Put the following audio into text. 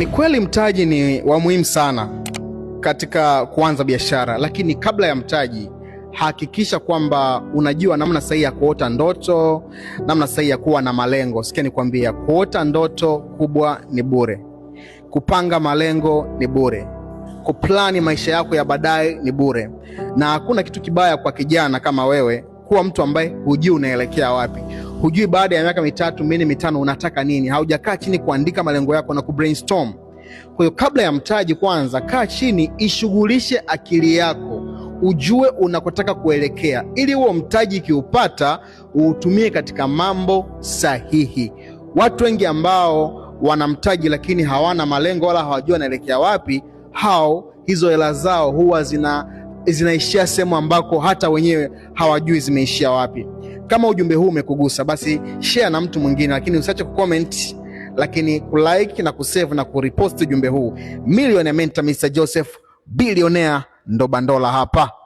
Ni kweli mtaji ni wa muhimu sana katika kuanza biashara, lakini kabla ya mtaji hakikisha kwamba unajua namna sahihi ya kuota ndoto, namna sahihi ya kuwa na malengo. Sikia nikwambia, kuota ndoto kubwa ni bure, kupanga malengo ni bure, kuplani maisha yako ya baadaye ni bure. Na hakuna kitu kibaya kwa kijana kama wewe kuwa mtu ambaye hujui unaelekea wapi hujui baada ya miaka mitatu minne mitano unataka nini, haujakaa chini kuandika malengo yako na ku Kwa hiyo kabla ya mtaji, kwanza kaa chini, ishughulishe akili yako, ujue unakotaka kuelekea, ili huo mtaji ikiupata uutumie katika mambo sahihi. Watu wengi ambao wana mtaji lakini hawana malengo wala hawajua wanaelekea wapi, hao hizo hela zao huwa zina zinaishia sehemu ambako hata wenyewe hawajui zimeishia wapi. Kama ujumbe huu umekugusa, basi share na mtu mwingine, lakini usiache kucomment, lakini kulike na kusave na kuripost ujumbe huu. Millionaire mentor Mr Joseph, bilionea ndo Bandola hapa.